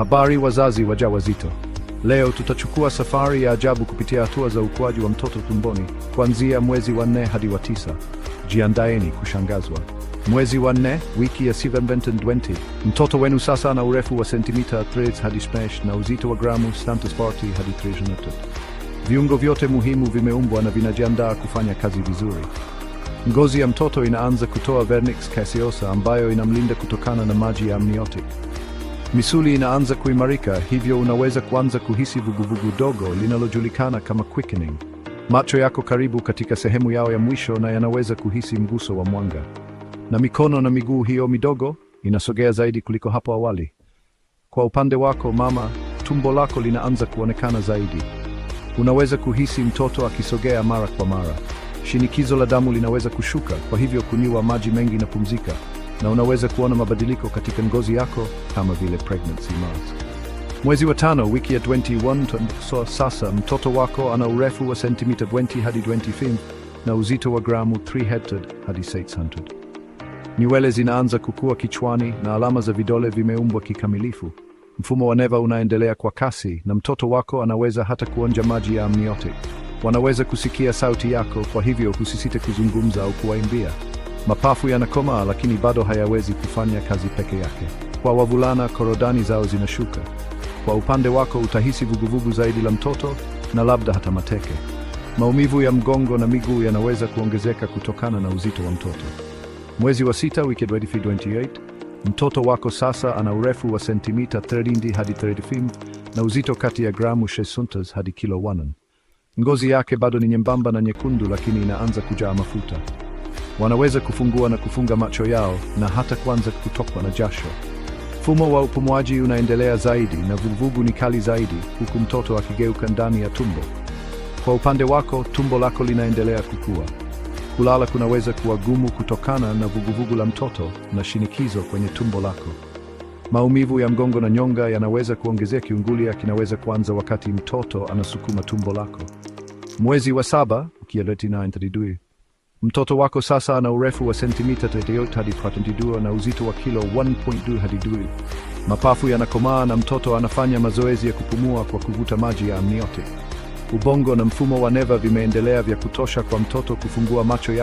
Habari wazazi wajawazito, leo tutachukua safari ya ajabu kupitia hatua za ukuaji wa mtoto tumboni kuanzia mwezi wa nne hadi wa tisa. Jiandaeni kushangazwa. Mwezi wa nne, wiki ya 720, mtoto wenu sasa ana urefu wa sentimita 3 hadi 5 na uzito wa gramu 340 hadi 300. Viungo vyote muhimu vimeumbwa na vinajiandaa kufanya kazi vizuri. Ngozi ya mtoto inaanza kutoa vernix caseosa ambayo inamlinda kutokana na maji ya amniotic misuli inaanza kuimarika, hivyo unaweza kuanza kuhisi vuguvugu dogo linalojulikana kama quickening. Macho yako karibu katika sehemu yao ya mwisho na yanaweza kuhisi mguso wa mwanga, na mikono na miguu hiyo midogo inasogea zaidi kuliko hapo awali. Kwa upande wako mama, tumbo lako linaanza kuonekana zaidi. Unaweza kuhisi mtoto akisogea mara kwa mara. Shinikizo la damu linaweza kushuka, kwa hivyo kunywa maji mengi na pumzika na unaweza kuona mabadiliko katika ngozi yako kama vile pregnancy mask. Mwezi wa tano wiki ya 21 so sasa mtoto wako ana urefu wa sentimita 20 hadi 25 na uzito wa gramu 300 hadi 600. Nywele zinaanza kukua kichwani na alama za vidole vimeumbwa kikamilifu. Mfumo wa neva unaendelea kwa kasi na mtoto wako anaweza hata kuonja maji ya amniotic. Wanaweza kusikia sauti yako, kwa hivyo usisite kuzungumza au kuwaimbia. Mapafu yanakomaa lakini bado hayawezi kufanya kazi peke yake. Kwa wavulana, korodani zao zinashuka. Kwa upande wako, utahisi vuguvugu zaidi la mtoto na labda hata mateke. Maumivu ya mgongo na miguu yanaweza kuongezeka kutokana na uzito wa mtoto. Mwezi wa sita, wiki 28, mtoto wako sasa ana urefu wa sentimita 30 hadi 35 na uzito kati ya gramu 60 hadi kilo 1. Ngozi yake bado ni nyembamba na nyekundu, lakini inaanza kujaa mafuta wanaweza kufungua na kufunga macho yao na hata kuanza kutokwa na jasho. Mfumo wa upumuaji unaendelea zaidi na vuguvugu ni kali zaidi, huku mtoto akigeuka ndani ya tumbo. Kwa upande wako, tumbo lako linaendelea kukua. Kulala kunaweza kuwa gumu kutokana na vuguvugu la mtoto na shinikizo kwenye tumbo lako. Maumivu ya mgongo na nyonga yanaweza kuongezea. Kiungulia kinaweza kuanza wakati mtoto anasukuma tumbo lako. Mwezi wa saba ukieleti na Mtoto wako sasa ana urefu wa sentimita 38 hadi 42 na uzito wa kilo 1.2 hadi 2. Mapafu yanakomaa na mtoto anafanya mazoezi ya kupumua kwa kuvuta maji ya amniote. Ubongo na mfumo wa neva vimeendelea vya kutosha kwa mtoto kufungua macho ya